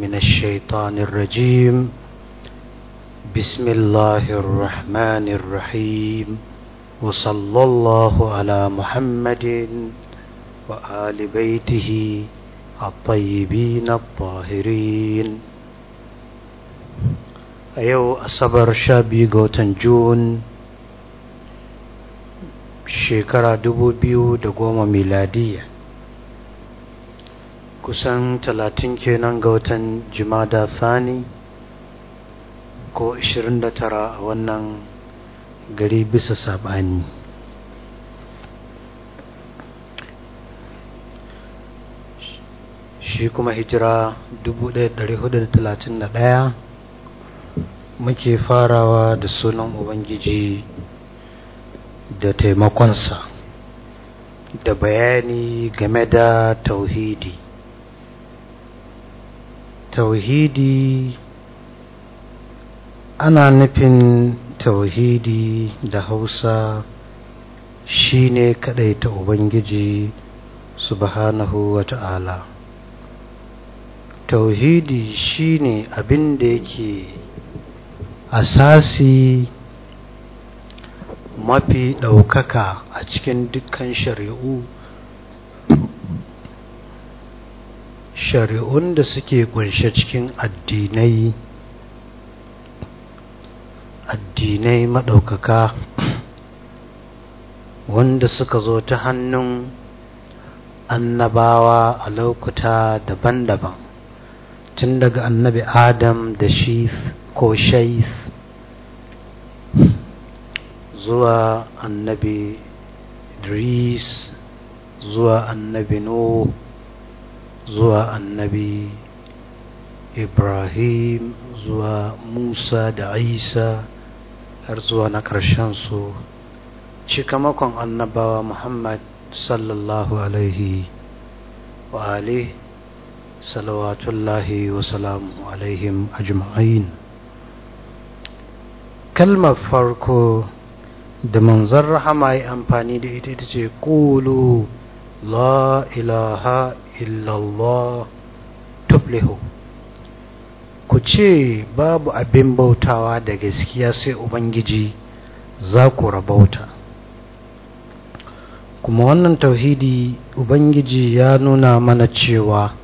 من الشيطان الرجيم بسم الله الرحمن الرحيم وصلى الله على محمد وآل بيته الطيبين الطاهرين أيو أصبر شابي غوتن جون شكرا دبو بيو دقوم ميلادية kusan talatin kenan ga watan jimada sani ko 29 a wannan gari bisa sabani shi kuma hijira 1431 muke farawa da sunan ubangiji da taimakonsa da bayani game da tauhidi tauhidi ana nufin tauhidi da hausa shine ta ubangiji subhanahu wa ta'ala tauhidi shine abin da yake asasi mafi ɗaukaka a cikin dukkan shari'u shari'un da suke kunshe cikin addinai addinai maɗaukaka wanda suka zo ta hannun annabawa a lokuta daban-daban tun daga annabi adam da shif ko shaif zuwa annabi idris zuwa annabi Nuhu. zuwa annabi ibrahim zuwa musa da isa har zuwa na ƙarshen su cikamakon annabawa muhammad sallallahu alaihi wa alihi salawatullahi wa salamu alaihim ajma'in kalmar farko da manzan rahama yi amfani da ita ita ce ƙulu la ilaha illallah tuflihu ku ce babu abin bautawa da gaskiya sai ubangiji za ku rabauta kuma wannan tauhidi ubangiji ya nuna mana cewa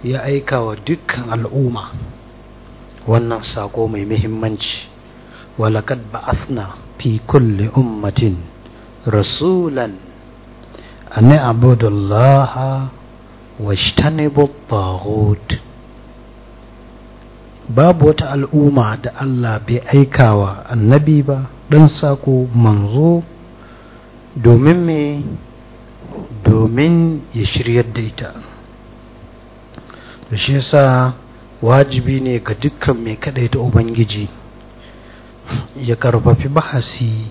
ya aika wa dukkan al'umma wannan sako mai muhimmanci walakad ba'athna fi kulli ummatin rasulan an abudullaha wajtanibu babu wata al'umma da Allah bai aika wa annabi ba dan sako manzo domin me domin ya shiryar da ita da shi yasa wajibi ne ga dukkan mai ta ubangiji ya karfafi bahasi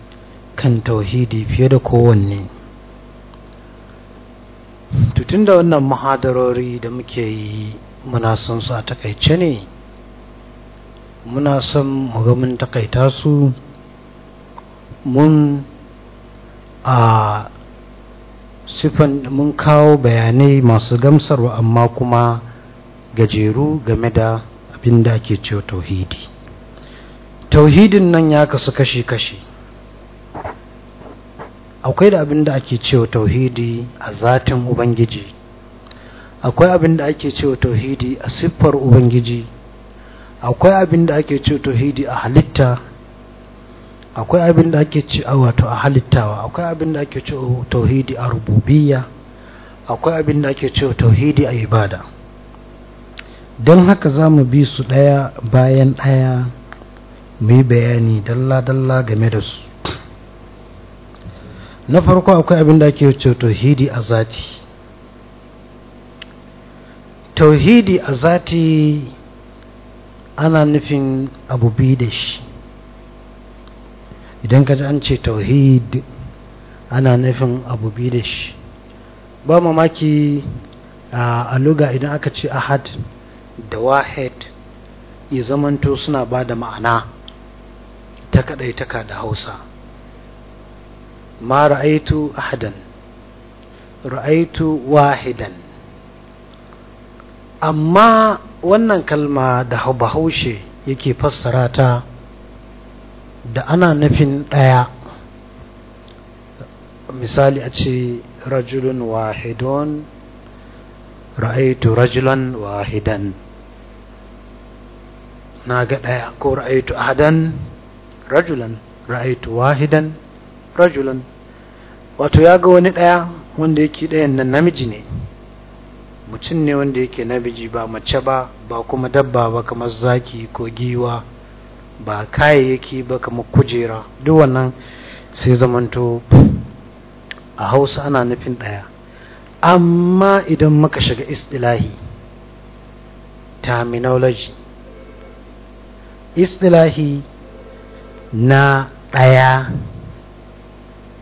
kan tauhidi fiye da kowanne tutun da wannan mahadarori da muke yi muna son su a takaice ne muna son mun takaita su mun a siffan mun kawo bayanai masu gamsarwa amma kuma gajeru game da abin da ake cewa tauhidi tauhidin nan ya kasu kashi-kashi akwai da abin da ake cewa tauhidi a zatin ubangiji akwai abin da ake cewa tauhidi a siffar ubangiji akwai abin da ake cewa tauhidi a halitta akwai abin da ake cewa wato a halittawa akwai abin da ake cewa tauhidi a rububiyya akwai abin da ake cewa tauhidi a ibada don haka za mu bi su ɗaya bayan ɗaya mu yi bayani dalla-dalla game da su na farko akwai abin da ake wuce tauhidi a zati tauhidi a zati ana nufin abu biyu da shi idan ka ji an ce tauhid ana nufin abu biyu da shi ba mamaki a luga idan aka ce ahad da wahid ya zamanto suna ba da ma'ana ta kaɗaitaka da hausa ma ra'aitu ahadan ra'aitu wahidan amma wannan kalma da bahaushe yake fassara ta da ana nufin ɗaya misali a ce rajulun wahidun ra'aitu rajulan wahidan na ga ɗaya ko ra'aitu ahadan rajulan ra'aitu wahidan rajulan wato ya ga wani ɗaya wanda yake ɗayan nan namiji ne mutum ne wanda yake namiji ba mace ba ba kuma dabba ba kamar zaki ko giwa ba kayayyaki ba kamar kujera duk wannan sai zamanto a hausa ana nufin ɗaya amma idan muka shiga istilahi terminology istilahi na ɗaya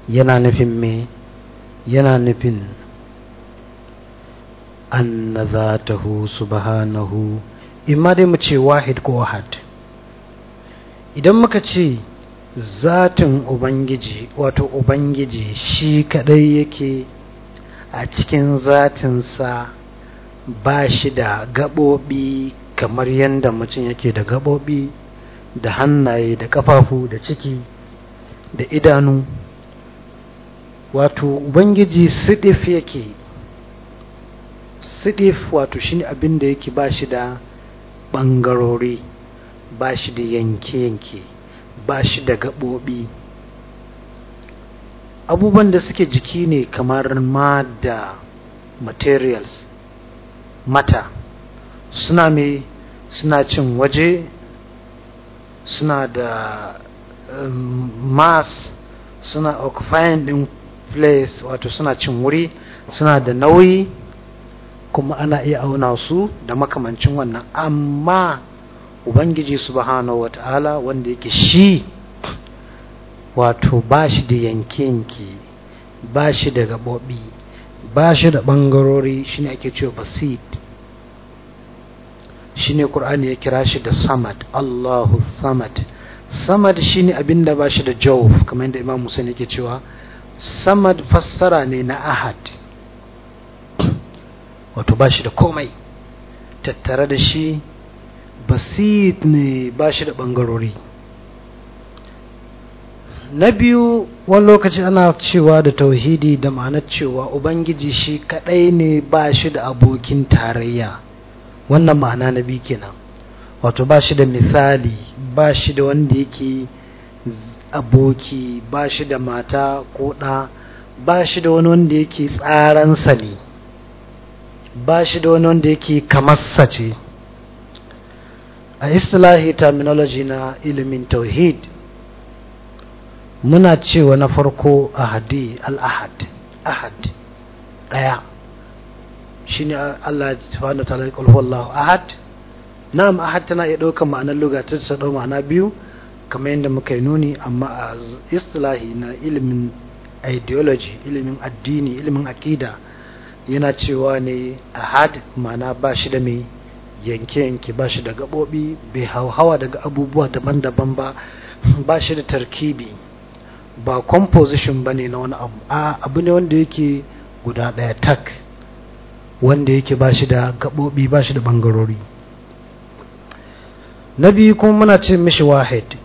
yana nufin me yana nufin anna zatahu subhanahu imma dai mu ce wahid ko wahad idan muka ce zatin ubangiji wato ubangiji shi kadai yake a cikin zatinsa ba shi da gaɓoɓi kamar yadda mutum yake da gaɓoɓi da hannaye da ƙafafu da ciki da idanu wato ubangiji sidif yake sidif wato shine abin da yake ba shi da ɓangarori ba shi da yanke-yanke ba shi da gaɓoɓi abubuwan da suke jiki ne kamar da materials mata suna mai suna cin waje suna da um, mass suna occupying ɗin place wato suna cin wuri suna da nauyi kuma ana iya auna su da makamancin wannan amma ubangiji subhanahu wata'ala wanda yake shi wato ba shi da yankinki ba shi da gabobi ba shi da bangarori shi ne ake cewa basit shi ne ƙur'ani ya kira shi da samad allahu samad samad shi ne abin da ba shi da jauf kamar yadda imam musa yake cewa samad fassara ne na ahad wato ba shi da komai tattare da shi basit ne ba shi da bangarori. na biyu wani lokaci ana cewa da tauhidi da ma'anar cewa ubangiji shi kaɗai ne ba shi da abokin tarayya wannan ma'ana na biyu kenan wato ba shi da misali ba shi da wanda yake aboki ba shi da mata ko ɗa ba shi da wani wanda yake tsaransa ne ba shi da wani wanda yake kamarsa ce a istilahi terminology na ilimin tauhid muna cewa na farko ahadi al-ahad ahad ɗaya shi ne Allah subhanahu wa ta'ala ahad na'am ahad tana iya ɗaukar ma'anar lugata ta ɗau ma'ana biyu kamar yadda muka yi nuni amma a istilahi na ilimin ideology ilimin addini ilimin akida yana cewa ne a had, mana ba shi da mai yanke-yanke ba shi da gaɓoɓi bai hauhawa daga abubuwa daban-daban ba ba shi da tarkibi ba composition ba ne na wani abu a abu ne wanda yake guda ɗaya tak wanda yake ba shi da gaɓoɓi ba shi da ɓangarori na biyu kuma muna ce mishi wahid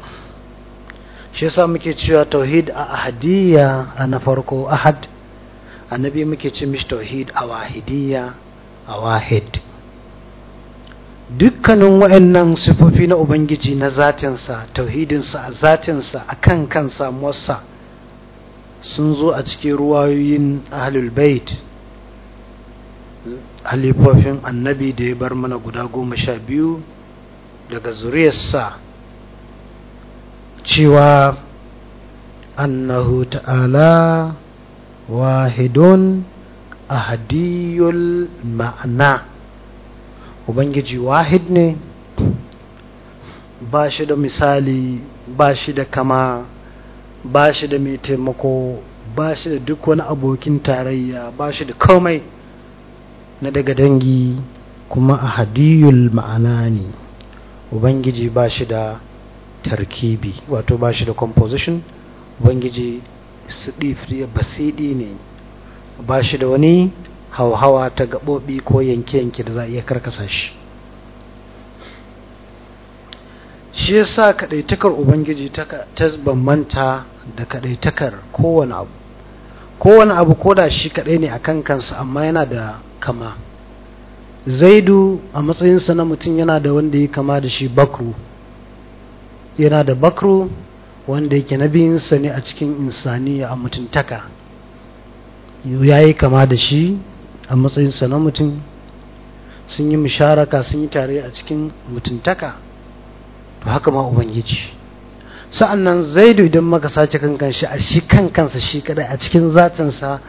shi yasa muke cewa tauhid a ahadiyya a na farko ahad annabi muke ce mishi tauhid a wahidiyya a wahid dukkanin wa'annan sifofi na ubangiji na zatinsa tauhidinsa a zatinsa a kan kan samuwarsa sun zo a cikin ruwayoyin ahlul bait halifofin annabi da ya bar mana guda goma sha biyu daga zuriyarsa cewa annahu ta'ala wahidun ahadiyul ma'ana ubangiji wahid ne ba shi da misali ba shi da kama ba shi da mai taimako ba shi da duk wani abokin tarayya ba shi da komai na daga dangi kuma ahadiyul ma'ana ne ubangiji ba shi da tarkibi wato ba shi da composition ubangiji basidi ne ba shi da wani hauhawa ta gaɓoɓi ko yanke-yanke da za a iya karkasa shi shi ya sa kaɗaitakar ubangiji ta bambanta da kaɗaitakar kowane abu kowane abu ko da shi kaɗai ne a kan kansa amma yana da kama zaidu a matsayinsa na mutum yana da wanda ya kama da shi bakru yana da bakru wanda yake na biyunsa ne a cikin insaniya a mutuntaka ya yi kama da shi a matsayinsa na mutum sun yi musharaka sun yi tare a cikin mutuntaka to haka ma ubangiji sa'an nan zaidu idan maka sace kankan shi a shi kankansa shi kadai a cikin zatinsa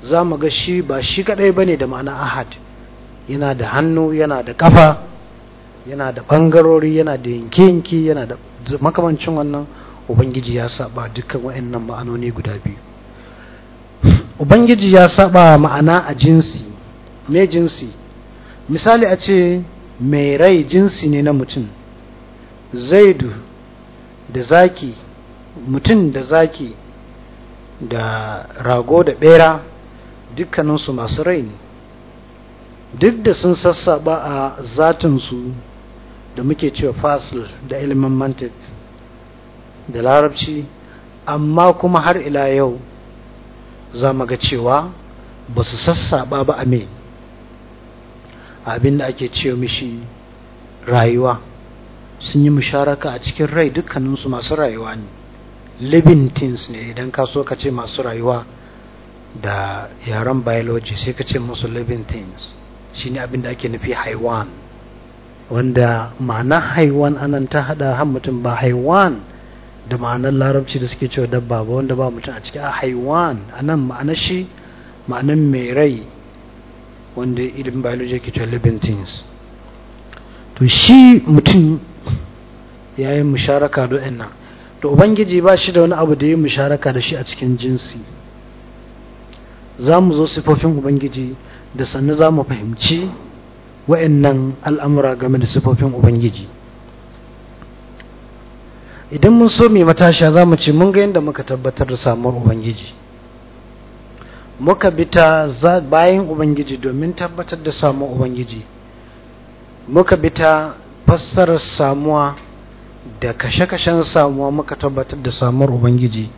za mu ga shi ba shi kadai ba ne da ma'ana ahad yana da hannu yana da kafa yana da bangarori yana da yanke-yanke yana da makamancin wannan ubangiji ya saba dukkan wa'annan ma'anoni guda biyu ubangiji ya saba ma'ana a jinsi me jinsi misali a ce mai rai jinsi ne na mutum zaidu da zaki mutum da zaki da rago da bera dukkaninsu masu rai ne duk da sun sassaba a zatinsu da muke cewa fasil da ilimin mantik da larabci amma kuma har ila yau za mu ga cewa ba su sassaɓa ba a me abin da ake cewa mishi rayuwa sun yi musharaka a cikin rai dukkaninsu masu rayuwa ne living things ne idan ka so ka ce masu rayuwa da yaren biology sai ka ce musu living things shine abin da ake nufi haiwan wanda ma'ana haiwan anan ta hada har mutum ba haiwan da ma'anar larabci da suke cewa dabba ba wanda ba mutum a ciki a haiwan anan ma'anar shi ma'anar mai rai wanda idan biology ke cewa living things to shi mutum ya yi musharaka da nan to ubangiji ba shi da wani abu da ya yi musharaka da shi a cikin jinsi za mu zo sifofin ubangiji da sannu za mu fahimci wa'annan al'amura game da sifofin ubangiji idan mun so mai matasha za mu ce mun ga yadda muka tabbatar da samuwar ubangiji muka bi ta bayan ubangiji domin tabbatar da samuwar ubangiji muka bi ta fassarar samuwa da kashe-kashen samuwa muka tabbatar da samuwar ubangiji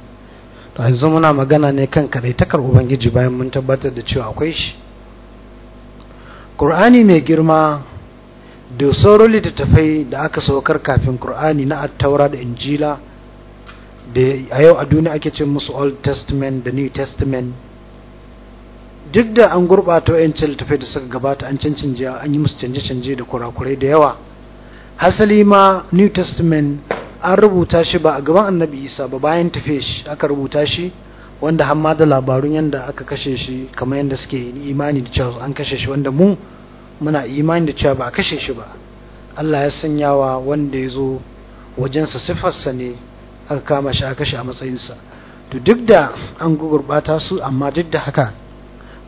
to yanzu muna magana ne kan kaɗaitakar ubangiji bayan mun tabbatar da cewa akwai shi ƙur'ani mai girma da sauran littattafai da aka saukar kafin ƙur'ani na attaura da injila da a yau a duniya ake ce musu old testament da new testament duk da an gurɓata wa'yancin littattafai da suka gabata an jiya an yi musu canje-canje da kurakurai da yawa hasali ma new testament an rubuta shi ba a gaban annabi isa ba bayan tafe shi aka rubuta shi wanda hamma da labarun yadda aka kashe shi kamar yadda suke imani da cewa an kashe shi wanda mu muna imani da cewa ba a kashe shi ba Allah ya sanya wa wanda ya zo wajensa siffarsa ne aka kama shi aka kashe a matsayinsa to duk da an gurɓata su amma duk da haka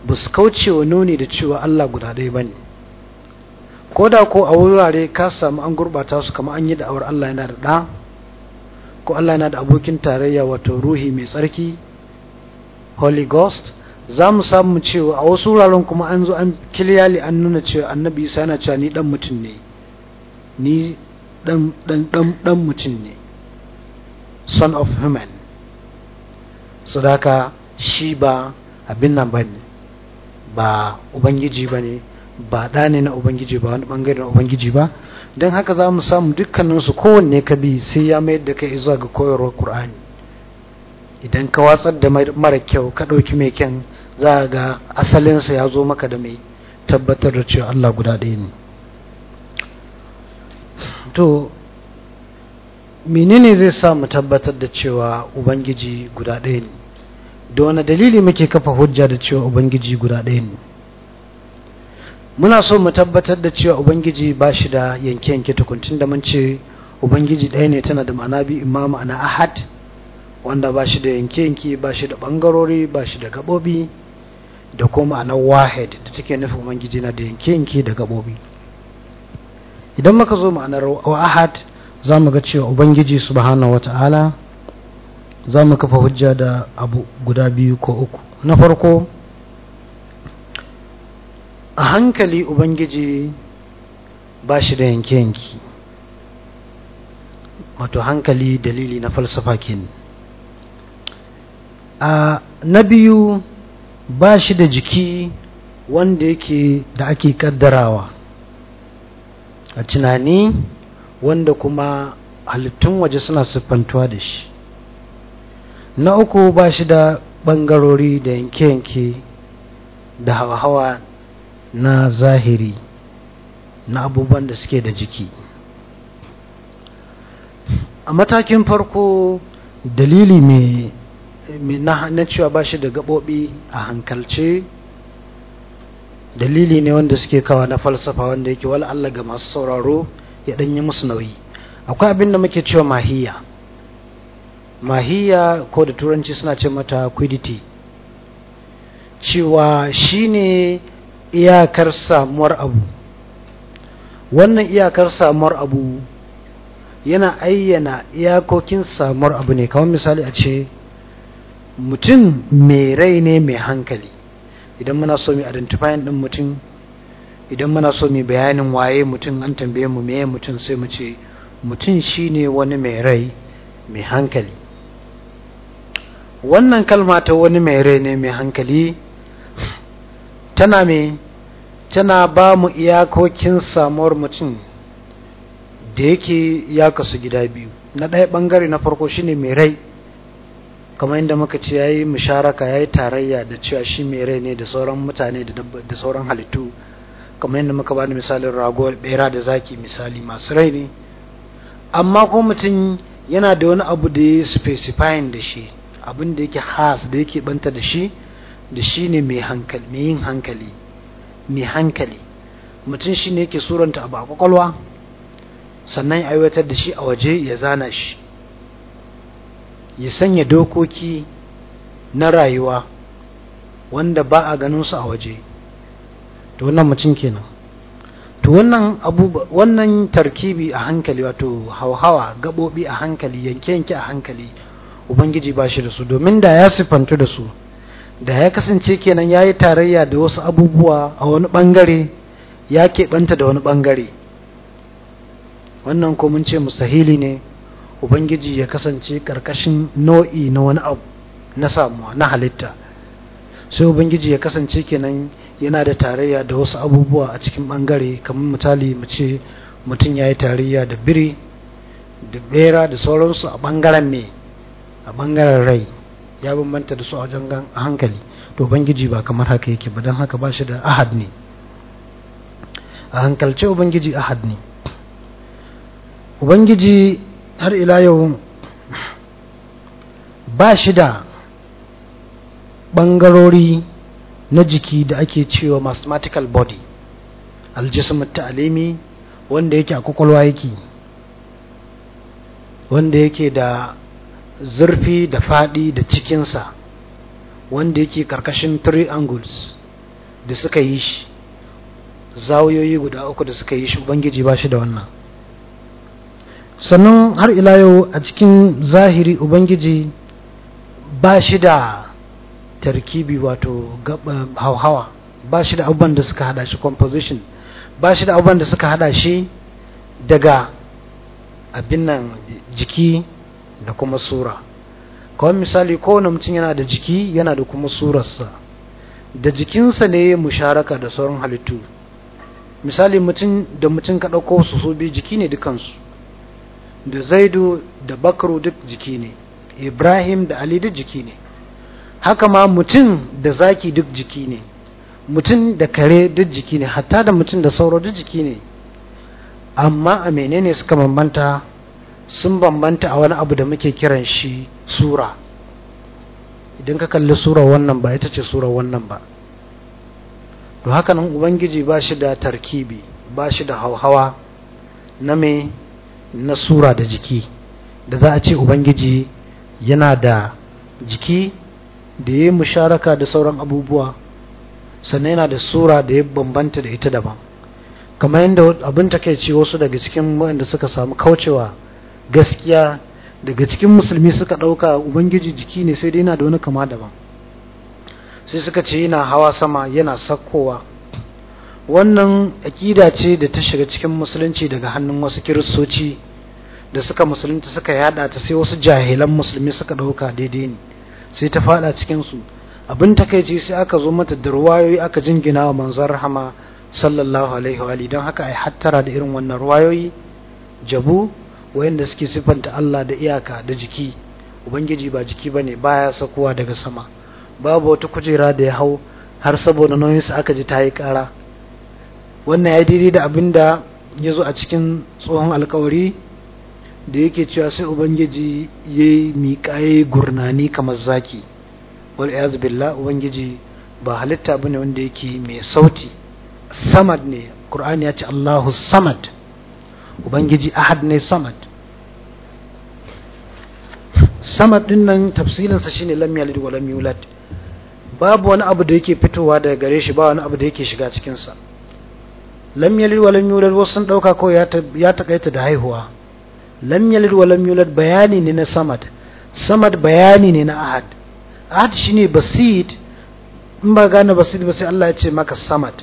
ba su kauce wa nuni da cewa Allah guda ɗaya ba ne ko da ko a wurare ka samu an gurɓata su kamar an yi da'awar Allah yana da ɗa ko Allah yana da abokin tarayya wato ruhi mai tsarki holy ghost za mu samu cewa a wasu wuraren kuma an zo an kiliyali an nuna cewa annabi isa yana cewa ni dan mutum ne ni dan mutum ne son of human so haka shi ba abin nan ba ne ba ubangiji ba ne ba da ne na ubangiji ba wani ɓangare na ubangiji ba don haka za mu samu dukkaninsu kowanne bi sai ya mayar da kai zuwa ga koyarwar ƙur'ani idan ka watsar da mara kyau ka ɗauki mai kyan za a ga asalinsa ya zo maka da mai tabbatar da cewa Allah guda ɗaya ne to menene zai sa mu tabbatar da cewa ubangiji guda ɗaya ne da wani dalili muke kafa hujja da cewa ubangiji guda ɗaya ne muna so mu tabbatar da cewa ubangiji ba shi da yanke-yanke tukuntun da mun ce ubangiji ɗaya ne tana da ma'ana bi imama ma'ana ahad wanda ba shi da yanke-yanke ba shi da bangarori ba shi da gaɓoɓi da kuma ma'anar wahid da take nufin ubangiji na da yanke-yanke da gaɓoɓi idan muka zo ma'anar wahad za mu ga cewa ubangiji subhanahu wata'ala za mu kafa hujja da abu guda biyu ko uku na farko a hankali ubangiji ba shi da yanke-yanke wato hankali dalili na falsafa kenan a na biyu ba shi da jiki wanda yake da ake kaddarawa a tunani wanda kuma halittun waje suna siffantuwa da shi na uku ba shi da ɓangarori da yanke-yanke da hawa-hawa na zahiri na abubuwan da suke da jiki a matakin farko dalili mai na cewa ba shi da gaɓoɓi a hankalce dalili ne wanda suke kawa na falsafa wanda yake wala Allah ga masu sauraro ya yi musu nauyi akwai abin da muke cewa mahiya mahiya ko da turanci suna ce mata quidity cewa shine iyakar samuwar abu wannan iyakar samuwar abu yana ayyana iyakokin samuwar abu ne kamar misali a ce mutum mai rai ne mai hankali idan muna so mu identifying din mutum idan muna so mai bayanin waye mutum an tambaye mu meye mutum sai mu ce mutum shine wani mai rai mai hankali wannan kalma ta wani mai rai ne mai hankali tana me tana ba mu iyakokin samuwar mutum da yake ya kasu gida biyu na ɗaya ɓangare na farko shine mai rai kamar inda muka ce yayi musharaka yayi tarayya da cewa shi mai rai ne da sauran mutane da sauran halittu kamar yadda muka bada misalin rago bera da zaki misali masu rai ne amma ko mutum yana da wani abu da ya specifying da shi abin da yake has da yake banta da shi da shi ne mai hankali mai yin hankali mai hankali mutum shi ne yake suranta abu a kwakwalwa sannan aiwatar da shi a waje ya zana shi ya sanya dokoki na rayuwa wanda ba a ganin su a waje to wannan mutum kenan to wannan abu wannan tarkibi a hankali wato hauhawa gabobi a hankali yanke yanke a hankali ubangiji ba shi da su domin da ya sifantu da su da ya kasance kenan ya yi tarayya da wasu abubuwa a wani bangare ya keɓanta da wani bangare wannan ko mun ce musahili ne ubangiji ya kasance karkashin nau'i na wani abu na samuwa na halitta sai ubangiji ya kasance kenan yana da tarayya da wasu abubuwa a cikin bangare kamar misali mu ce mutum ya yi tarayya da biri da bera da sauransu a bangaren me a bangaren rai ya bambanta da su a wajen hankali to ubangiji ba kamar haka yake ba don haka ba shi da ahad ne a hankalce ubangiji ahad ne ubangiji har ila yau ba shi da ɓangarori na jiki da ake cewa mathematical body aljism ta'alimi wanda yake a kwakwalwa yake wanda yake da zurfi da faɗi da cikinsa wanda yake karkashin triangles da suka yi shi zawoyoyi guda uku da suka yi shi ubangiji ba shi da wannan sannan har ila yau a cikin zahiri ubangiji ba shi da tarkibi wato hauhawa ba shi da abubuwan da suka hada shi composition ba shi da abubuwan da suka hada shi daga abin nan jiki da kuma sura kawai misali kowane mutum yana da jiki yana da kuma surarsa da jikinsa ne musharaka da sauran halittu misali mutum da mutum ka ɗauko su su biyu jiki ne dukansu da zaidu da bakaru duk jiki ne ibrahim da ali duk jiki ne haka ma mutum da zaki duk jiki ne mutum da kare duk jiki ne hatta da mutum da sauro duk jiki ne amma a menene suka bambanta sun bambanta a wani abu da muke kiran shi sura idan ka kalli sura wannan ba ita ce sura wannan ba to haka nan ubangiji ba shi da tarkibi ba shi da hauhawa na mai na sura da jiki da za a ce ubangiji yana da jiki da ya yi musharaka da sauran abubuwa sannan yana da sura da ya bambanta da ita daban kamar yadda abin take ce wasu daga cikin waɗanda suka samu kaucewa gaskiya daga cikin musulmi suka ɗauka ubangiji jiki ne sai dai yana da wani kama daban sai suka ce yana hawa sama yana sakkowa wannan aƙida ce da ta shiga cikin musulunci daga hannun wasu kiristoci da suka musulunta suka yada ta sai wasu jahilan musulmi suka ɗauka daidai ne sai ta fada su abin takaici sai aka zo mata da ruwayoyi aka jingina wa manzon rahama sallallahu alaihi wa don haka ai hattara da irin wannan ruwayoyi jabu wayanda suke siffanta Allah da iyaka da jiki ubangiji ba jiki bane baya sakuwa daga sama babu wata kujera da ya hau har saboda nauyinsu aka ji ta yi kara wannan ya daidai da abin da ya zo a cikin tsohon alkawari da yake cewa sai ubangiji ya yi miƙa ya yi gurnani kamar zaki wal billah ubangiji ba halitta ba ne wanda yake mai sauti samad ne ƙur'ani ya ce allahu samad ubangiji ahad ne samad samad din nan tafsirinsa shine lam yalid wa lam yulad babu wani abu da yake fitowa daga gare shi ba wani abu da yake shiga cikinsa lam yalid wa lam yulad wasu sun dauka ko ya takaita da haihuwa lam yalid wa lam yulad bayani ne na samad samad bayani ne na ahad ahad shine basid in ba gane basid ba sai Allah ya ce maka samad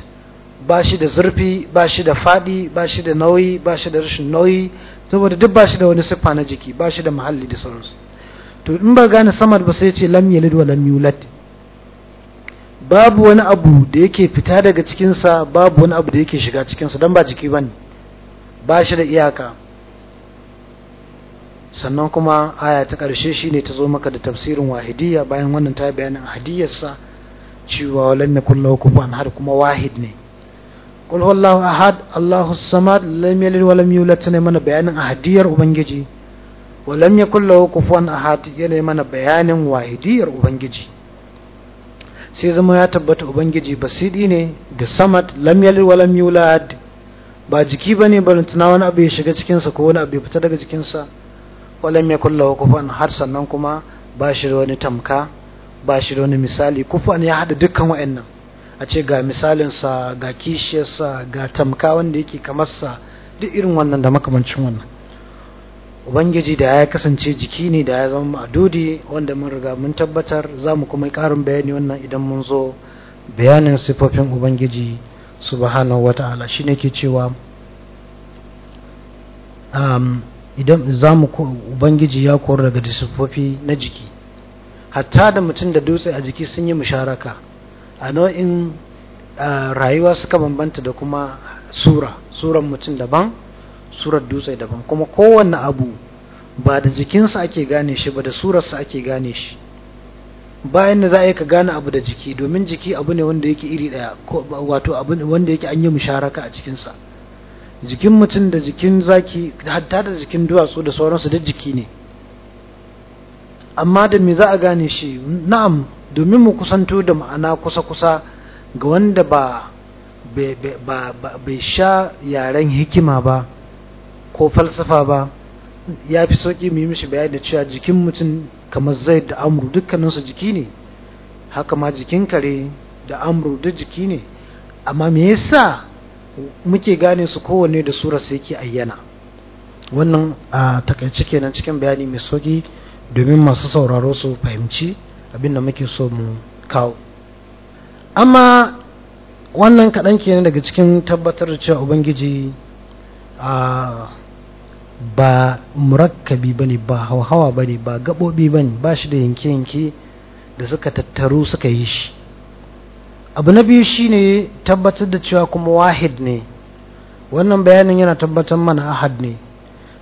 ba shi da zurfi ba shi da fadi ba shi da nauyi ba shi da rashin nauyi saboda duk ba shi da wani siffa na jiki ba shi da muhalli da sauransu to in ba gane samad ba sai ya ce lam yalid wa lam yulad babu wani abu da yake fita daga cikinsa babu wani abu da yake shiga cikinsa don ba jiki ba ne ba shi da iyaka sannan kuma aya ta ƙarshe shi ne ta zo maka da tafsirin wahidiyya bayan wannan ta bayanin hadiyarsa cewa lam yakul lahu kufuwan har kuma wahid ne qul ahad allahu samad lam yalid wa lam yulad ne mana bayanin ahadiyar ubangiji wa lam yakul lahu ahad yana mana bayanin wahidiyar ubangiji sai zama ya tabbata ubangiji basidi ne ga samad lamyal yalid yulad ba jiki bane barin na wani abu ya shiga cikin sa ko wani abu ya fita daga jikin sa wa lam yakul lahu har sannan kuma ba shi da wani tamka ba shi da wani misali kufan ya hada dukkan wa'annan a ce ga misalinsa ga kishiyarsa ga tamka wanda yake kamar sa duk irin wannan da makamancin wannan ubangiji da ya kasance jiki ne da ya zama ma'adudi wanda mun riga mun tabbatar za mu kuma ƙarin bayani wannan idan mun zo bayanin sifofin ubangiji subhanahu ta'ala shi ne ke cewa um, idan za mu ubangiji ya kori daga siffofi na jiki hatta da mutum da dutse a jiki sun yi musharaka a nau'in uh, rayuwa suka bambanta da kuma sura suran mutum daban surar dutse daban kuma kowanne abu ba da jikinsa ake gane shi ba da surarsa ake gane shi bayan da za a yi ka gane abu da jiki domin jiki abu ne wanda yake iri daya wato abu wanda yake an yi musharaka a cikinsa jikin mutum da jikin zaki hatta da jikin duwatsu da sauransu da jiki ne amma da me za a gane shi na'am domin mu kusanto da ma'ana kusa-kusa ga wanda ba bai sha yaren hikima ba ko falsafa ba ya fi sauƙi mu yi mishi bayani da cewa jikin mutum kamar zai da amru dukkaninsu jiki ne haka ma jikin kare da amru duk jiki ne amma me yasa muke gane su kowanne da surar sai ke ayyana wannan a takaice kenan cikin bayani mai sauƙi domin masu sauraro su fahimci abinda muke so mu kawo amma wannan kaɗan kenan daga cikin tabbatar da cewa ubangiji a ba murakkabi ba ne ba hauhawa ba ne ba gaɓoɓi ba ne ba shi da yanke-yanke da suka tattaru suka yi shi abu na biyu shi ne tabbatar da cewa kuma wahid ne wannan bayanin yana tabbatar mana ahad ne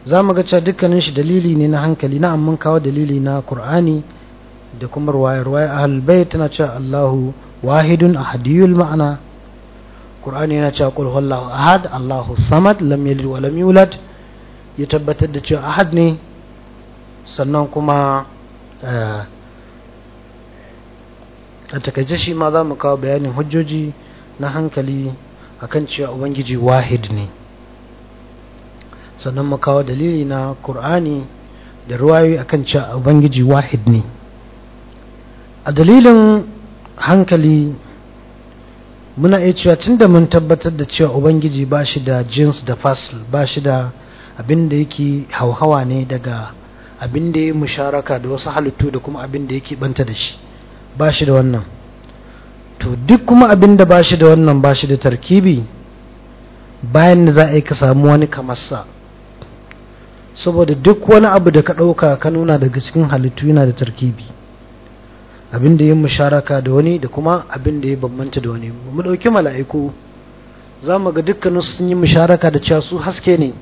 za mu ga cewa dukkanin shi dalili ne na hankali na amman kawo dalili na kur'ani da kuma ruwayar ruwayar ahalbai tana cewa allahu wahidun ahadiyul ma'ana kur'ani yana cewa qul ahad allahu samad lam yalid wa lam ya tabbatar da cewa ahad ne sannan kuma eh, a takaice shi ma za mu kawo bayanin hujjoji na hankali akan cewa ubangiji wahid ne sannan mu kawo dalili na kur'ani da ruwayoyi akan cewa ubangiji wahid ne a dalilin hankali muna iya cewa tun da mun tabbatar da cewa ubangiji ba shi da jins da fasil ba shi da abin da yake hauhawa ne daga abin da ya musharaka da wasu halittu da kuma abin da yake banta da shi ba shi da wannan to duk kuma abin da ba shi da wannan ba shi da tarkibi bayan da za a yi ka samu wani kamarsa saboda duk wani abu da ka ɗauka ka nuna daga cikin halittu yana da tarkibi abin da ya musharaka da wani da kuma abin da ya bambanta da wani mu ɗauki mala'iku za mu ga dukkanin sun yi musharaka da cewa su haske ne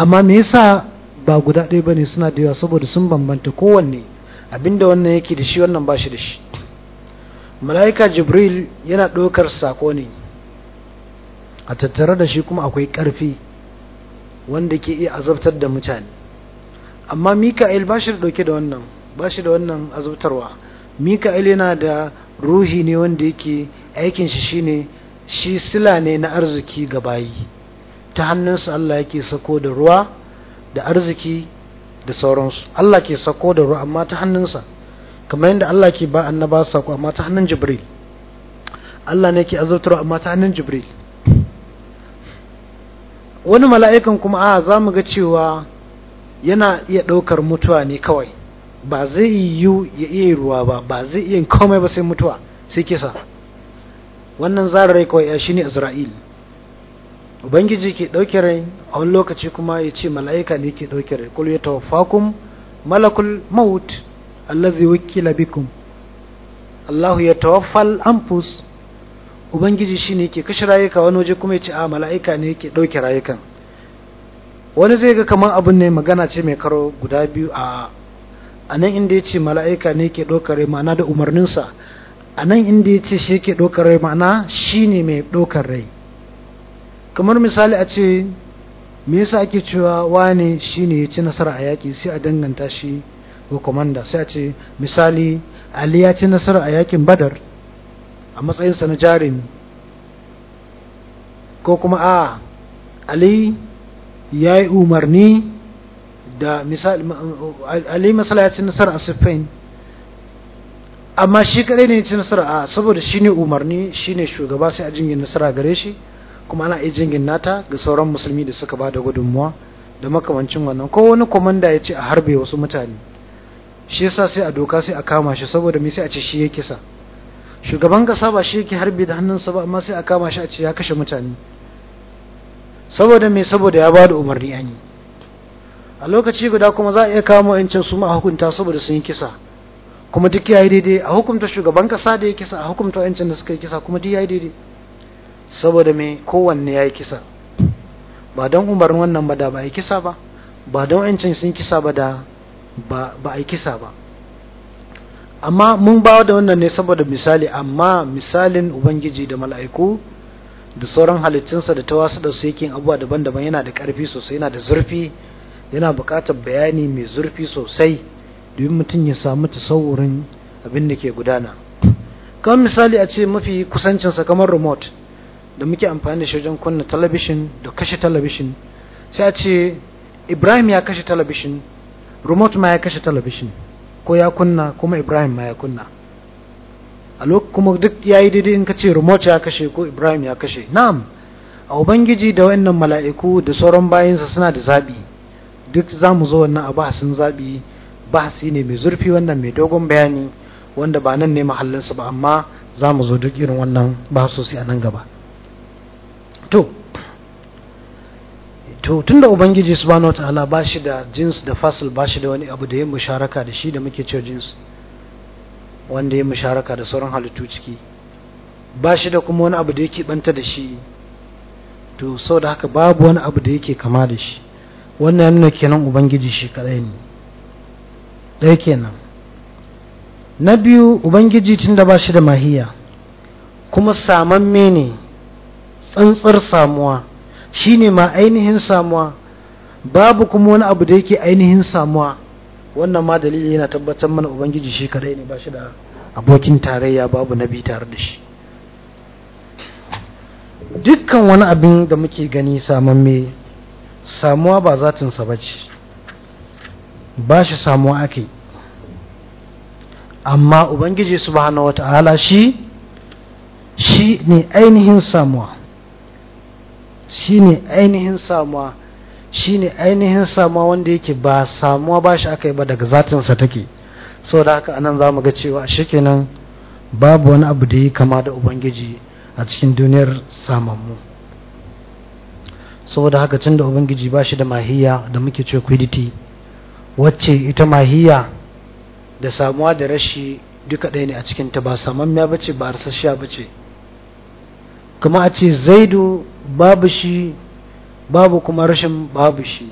amma me yasa ba guda ɗaya bane suna da yawa saboda sun bambanta kowanne abinda wannan yake da shi wannan ba shi da shi mala'ika jibril yana ɗaukar sako ne a tattare da shi kuma akwai ƙarfi wanda ke iya azabtar da mutane amma mika'il ba shi da ɗauke da wannan ba shi da wannan azabtarwa mika'il yana da ruhi ne wanda yake aikin shi shine shi sila ne na arziki ga bayi ta hannunsa Allah yake sako da ruwa da arziki da sauransu Allah ke sako da ruwa amma ta hannunsa kamar yadda Allah ke ba annaba sako amma ta hannun Jibril Allah ne ke azabtarwa amma ta hannun Jibril wani mala'ikan kuma a za mu ga cewa yana iya ɗaukar mutuwa ne kawai ba zai yiwu ya iya ruwa ba ba zai iya komai ba sai mutuwa sai kisa wannan zarar kawai ya shi ne Isra'il ubangiji ke ɗauke rai a wani lokaci kuma ya ce mala'ika ne ke ɗauke rai kul ya tawaffakum malakul maut allazi wakila bikum Allahu ya tawaffal anfus ubangiji shine ke kashe rayuka wani waje kuma ya ce a mala'ika ne ke ɗauke rayukan wani zai ga kamar abin ne magana ce mai karo guda biyu a a nan inda ya ce mala'ika ne ke ɗaukar rai ma'ana da umarninsa a nan inda ya ce shi ke ɗaukar rai ma'ana shi ne mai ɗaukar rai kamar misali a ce me yasa ake cewa wane shine ya ci nasara a yaƙi sai a danganta shi ga komanda sai a ce misali ali ya ci nasara a yaƙin badar a matsayinsa na jarumi ko kuma a ali ya yi umarni da misali ali masala ya ci nasara a siffin amma shi kadai ne ya ci nasara a saboda shi ne umarni shi ne shugaba sai a jingin nasara gare shi kuma ana iya jingin nata ga sauran musulmi da suka ba da gudunmuwa da makamancin wannan ko wani komanda ya ce a harbe wasu mutane shi yasa sai a doka sai a kama shi saboda me sai a ce shi ya kisa shugaban kasa ba shi yake harbe da hannunsa ba amma sai a kama shi a ce ya kashe mutane saboda me saboda ya ba da umarni an yi a lokaci guda kuma za a iya kama yancin su ma a hukunta saboda sun yi kisa kuma duk yayi daidai a hukunta shugaban kasa da ya kisa a hukunta yancin da suka yi kisa kuma duk yayi daidai saboda me kowanne ya yi kisa ba don umarnin wannan ba da ba yi kisa ba ba don yancin sun kisa ba da ba a yi kisa ba amma mun ba da wannan ne saboda misali amma misalin ubangiji da mala'iku da sauran halittunsa da tawasu da su yake abuwa daban-daban yana da ƙarfi sosai yana da zurfi yana buƙatar bayani mai zurfi sosai domin mutum ya samu tasawurin abin da ke gudana kamar misali a ce mafi kusancinsa kamar remote da muke amfani da shi kunna talabishin da kashe talabishin sai a ce ibrahim ya kashe talabishin remote ma ya kashe talabishin ko ya kunna kuma ibrahim ma ya kunna a lokacin kuma duk ya yi daidai in ka ce remote ya kashe ko ibrahim ya kashe na'am a ubangiji da wa'annan mala'iku da sauran bayansa suna da zaɓi duk za mu zo wannan a bahasin zaɓi bahasi ne mai zurfi wannan mai dogon bayani wanda ba nan ne mahallinsa ba amma za mu zo duk irin wannan bahasosi a nan gaba to to tunda ubangiji subhanahu ta'ala ba shi da jins da fasil ba shi da wani abu da ya musharaka da shi da muke cewa jins wanda ya musharaka da sauran halittu ciki ba shi da kuma wani abu da yake banta da shi to sau da haka babu wani abu da yake kama da shi wannan ya nuna kenan ubangiji shi kadai ne ɗaya kenan na biyu ubangiji tun da ba shi da mahiya kuma samamme ne tsantsar samuwa shine ma ainihin samuwa babu kuma wani abu da yake ainihin samuwa wannan ma dalili yana tabbatar mana ubangiji shi kadai ne ba shi da abokin tarayya babu nabi tare da shi dukkan wani abin da muke gani saman me samuwa ba zatinsa ba ce ba shi samuwa ake amma ubangiji subhanahu wata'ala shi shi ne ainihin samuwa shine ainihin samuwa shine ainihin samuwa wanda yake ba samuwa ba shi aka yi ba daga zatinsa take saboda haka anan za mu ga cewa shikenan babu wani abu da yi kama da ubangiji a cikin duniyar samammu saboda haka tun da ubangiji ba shi da mahiya da muke ce quiddity wacce ita mahiya da samuwa da rashi duka ɗaya ne a cikin ta ba samammiya ce ba ba ce. kuma a ce zaidu babu shi babu kuma rashin babu shi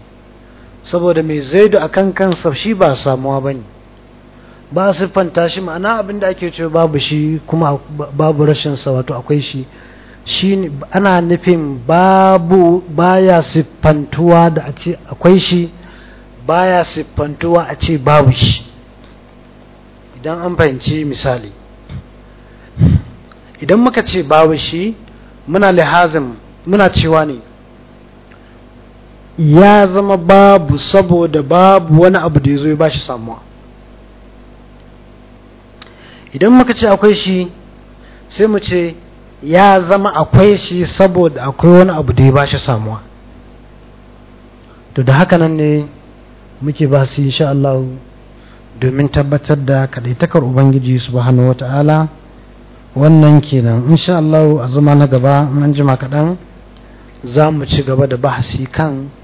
saboda mai zaidu a kan kansa shi ba samuwa ba ne ba su fanta shi ma'ana abinda ake ce babu shi kuma babu rashinsa wato akwai shi shi ana nufin babu baya siffantuwa da a ce akwai shi baya siffantuwa a ce babu shi idan an fahimci misali idan muka ce babu shi muna lihazin muna cewa ne ya zama babu saboda babu wani abu da ya zo ya ba samuwa idan muka ce akwai shi sai mu ce ya zama akwai shi saboda akwai wani abu da ya ba samuwa to da haka nan ne muke ba su insha Allah domin tabbatar da kadaitakar ubangiji subhanahu ta'ala. wannan kenan insha Allah a zama na gaba an jima kaɗan za mu ci gaba da bahasi kan